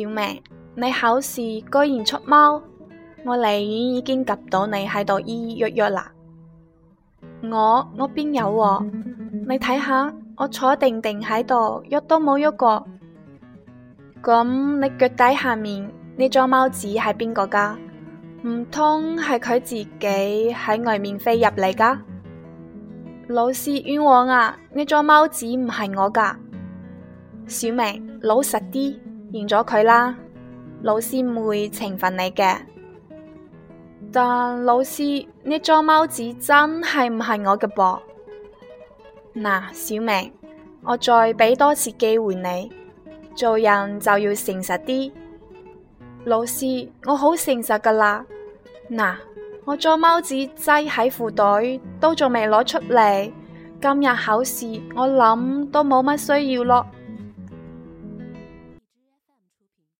小明，你考試居然出貓，我離遠已經及到你喺度咿咿喐喐啦。我我邊有啊？你睇下，我坐定定喺度，喐都冇喐過。咁你腳底下面，呢張貓紙係邊個噶？唔通係佢自己喺外面飛入嚟噶？老師，冤枉啊！呢張貓紙唔係我噶，小明，老實啲。認咗佢啦，老師唔會懲罰你嘅。但老師，呢張貓紙真係唔係我嘅噃。嗱、啊，小明，我再俾多次機會你，做人就要誠實啲。老師，我好誠實噶啦。嗱、啊，我張貓紙擠喺褲袋，都仲未攞出嚟，今日考試，我諗都冇乜需要咯。